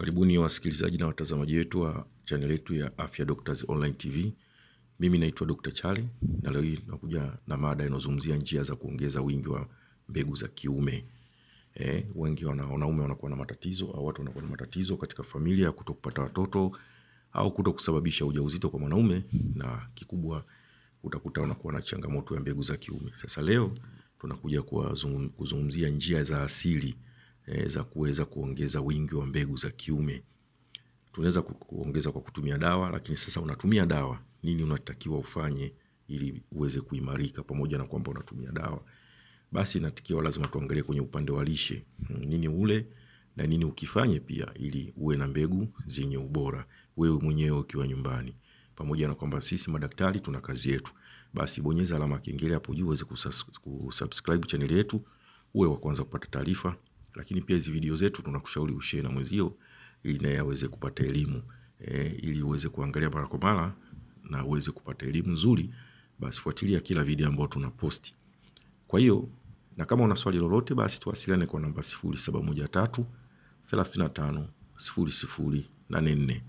Karibuni wasikilizaji na watazamaji wetu wa chaneli yetu ya Afya Doctors Online TV. Mimi naitwa Dr. Chale na leo hii nakuja na mada inayozungumzia njia za kuongeza wingi wa mbegu za kiume. Eh, wengi wana wanaume wanakuwa na matatizo au watu wanakuwa na matatizo katika familia ya kutopata watoto au kuto kusababisha ujauzito kwa mwanaume na kikubwa utakuta wanakuwa na changamoto ya mbegu za kiume. Sasa leo tunakuja kuzungumzia njia za asili e, za kuweza kuongeza wingi wa mbegu za kiume. Tunaweza kuongeza kwa kutumia dawa, lakini sasa unatumia dawa, nini unatakiwa ufanye ili uweze kuimarika pamoja na kwamba unatumia dawa? Basi natikiwa lazima tuangalie kwenye upande wa lishe, hmm, nini ule na nini ukifanye pia ili uwe na mbegu zenye ubora, wewe mwenyewe ukiwa nyumbani. Pamoja na kwamba sisi madaktari tuna kazi yetu, basi bonyeza alama ya kengele hapo juu uweze kusubscribe channel yetu, uwe wa kwanza kupata taarifa lakini pia hizi video zetu tunakushauri ushare na mwenzio ili naye aweze kupata elimu e, ili uweze kuangalia mara kwa mara na uweze kupata elimu nzuri, basi fuatilia kila video ambayo tunaposti. Kwa hiyo na kama una swali lolote, basi tuwasiliane kwa namba 0713 35 0084.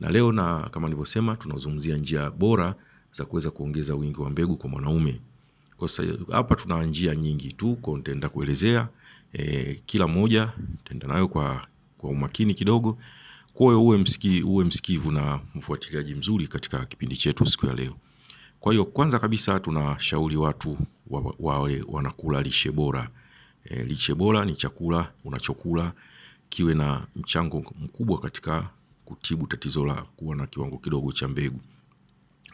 Na leo na kama nilivyosema, tunazungumzia njia bora za kuweza kuongeza wingi wa mbegu kwa mwanaume. Kwa sasa hapa tuna njia nyingi tu, kwa nitaenda kuelezea e, kila moja tenda nayo kwa, kwa umakini kidogo. Kwa hiyo uwe, msiki, uwe msikivu na mfuatiliaji mzuri katika kipindi chetu siku ya leo. Kwa hiyo kwanza kabisa tunashauri watu wawe wa, wa, wanakula lishe bora. E, lishe bora ni chakula unachokula kiwe na mchango mkubwa katika kutibu tatizo la kuwa na kiwango kidogo cha mbegu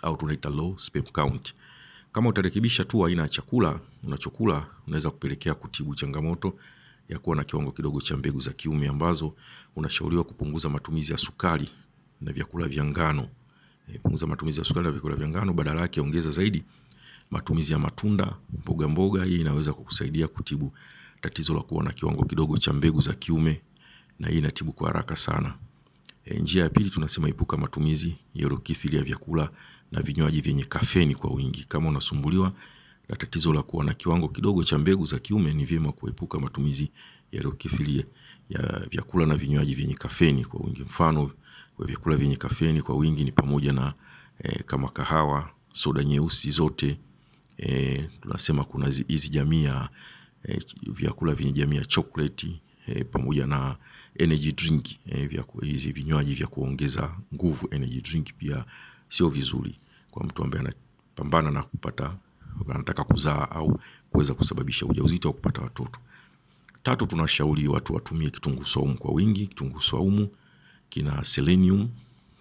au tunaita low sperm count. Kama utarekebisha tu aina ya chakula unachokula, unaweza kupelekea kutibu changamoto ya kuwa na kiwango kidogo cha mbegu za kiume ambazo unashauriwa kupunguza matumizi ya sukari na vyakula vya ngano. E, punguza matumizi ya sukari na vyakula vya ngano, badala yake ongeza zaidi matumizi ya matunda, mboga mboga. Hii inaweza kukusaidia kutibu tatizo la kuwa na kiwango kidogo cha mbegu za kiume na hii inatibu kwa haraka sana. E, njia ya pili tunasema epuka matumizi yaliyokithiri ya vyakula na vinywaji vyenye kafeni kwa wingi. Kama unasumbuliwa na tatizo la kuwa na kiwango kidogo cha mbegu za kiume, ni vyema kuepuka matumizi yaliyokithiri ya vyakula na vinywaji vyenye kafeni kwa wingi. Mfano kwa vyakula vyenye kafeni kwa wingi ni pamoja na e, kama kahawa, soda nyeusi zote. E, tunasema kuna hizi jamii ya e, vyakula vyenye jamii ya chokoleti e, pamoja na energy drink e, vya hizi vinywaji vya kuongeza nguvu energy drink pia sio vizuri kwa mtu ambaye anapambana na kupata anataka kuzaa au kuweza kusababisha ujauzito au kupata watoto. Tatu, tunashauri watu watumie kitunguu saumu kwa wingi. Kitunguu saumu kina selenium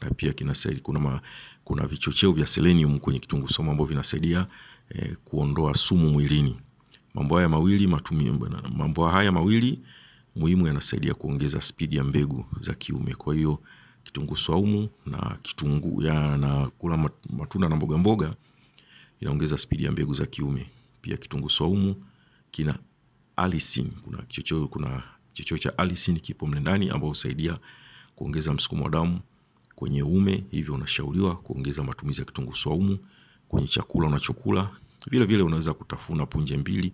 na pia kina kuna, ma, kuna vichocheo vya selenium kwenye kitunguu saumu ambavyo vinasaidia eh, kuondoa sumu mwilini. Mambo haya mawili mambo haya mawili muhimu yanasaidia kuongeza spidi ya mbegu za kiume. Kwa hiyo kitunguu swaumu na ya na kula matunda na mboga mboga inaongeza spidi ya mbegu za kiume. Pia kitunguu swaumu kina alisin, kuna kichocheo kuna kichocheo cha alisin kipo mle ndani ambao husaidia kuongeza msukumo wa damu kwenye uume, hivyo unashauriwa kuongeza matumizi ya kitunguu swaumu kwenye chakula unachokula. Vile vile unaweza kutafuna punje mbili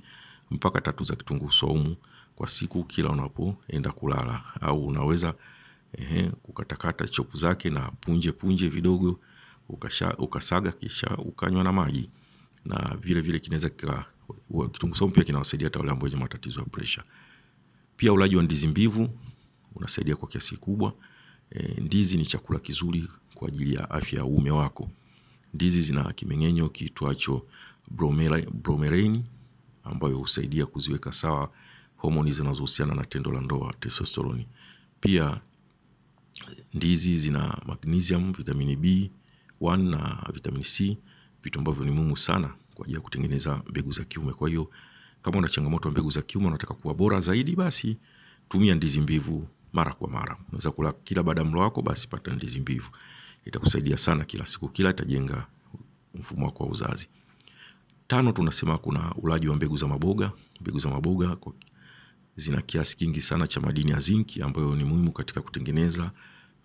mpaka tatu za kitunguu swaumu kwa siku kila unapoenda kulala au unaweza ehe, kukatakata chopu zake na punje punje vidogo ukasha, ukasaga kisha ukanywa na maji na vile vile kinaweza kitunguu saumu pia kinawasaidia hata wale ambao wenye matatizo ya pressure. Pia ulaji wa ndizi mbivu unasaidia kwa kiasi kubwa. E, ndizi ni chakula kizuri kwa ajili ya afya ya uume wako. Ndizi zina kimeng'enyo kiitwacho bromelain ambayo husaidia kuziweka sawa homoni zinazohusiana na tendo la ndoa testosteroni. Pia ndizi zina magnesium, vitamini B1 na vitamini C, vitu ambavyo ni muhimu sana kwa ajili ya kutengeneza mbegu za kiume. Kwa hiyo kama una changamoto ya mbegu za kiume unataka kuwa bora zaidi, basi tumia ndizi mbivu mara kwa mara. Unaweza kula kila baada ya mlo wako, basi pata ndizi mbivu, itakusaidia sana kila siku, kila itajenga mfumo wako wa uzazi. Tano, tunasema kuna ulaji wa mbegu za maboga. Mbegu za maboga kwa zina kiasi kingi sana cha madini ya zinki ambayo ni muhimu katika kutengeneza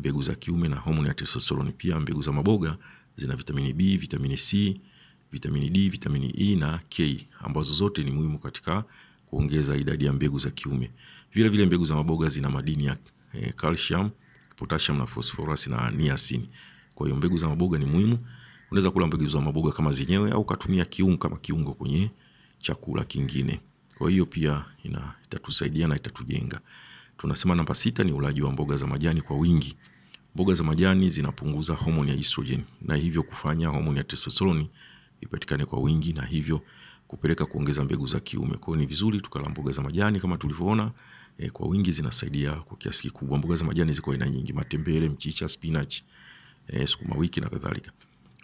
mbegu za kiume na homoni ya testosterone. Pia mbegu za maboga zina vitamini B, vitamini C, vitamini D, vitamini E na K ambazo zote ni muhimu katika kuongeza idadi ya mbegu za kiume. Vile vile mbegu za maboga zina madini ya eh, calcium, potassium na phosphorus na niacin. Kwa hiyo mbegu za maboga ni muhimu. Unaweza kula mbegu za maboga kama zenyewe au ukatumia kiungo kama kiungo kwenye chakula kingine. Kwa hiyo pia ina, itatusaidia na itatujenga. Tunasema namba sita ni ulaji wa mboga za majani kwa wingi. Mboga za majani zinapunguza homoni ya estrogen na hivyo kufanya homoni ya testosterone ipatikane kwa wingi na hivyo kupeleka kuongeza mbegu za kiume. Kwa hiyo ni vizuri tukala mboga za majani kama tulivyoona eh, kwa wingi zinasaidia kwa kiasi kikubwa. Mboga za majani ziko aina nyingi, matembele, mchicha, spinach, eh, sukuma wiki na kadhalika.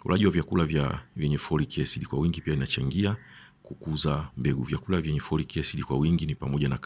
Ulaji wa vyakula vya vyenye folic acid kwa wingi pia inachangia kukuza mbegu. Vyakula vyenye folic acid kwa wingi ni pamoja na